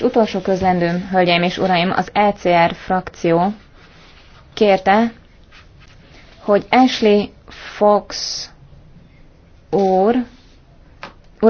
És utolsó közlendőm, hölgyeim és uraim, az ECR frakció kérte, hogy Ashley Fox úr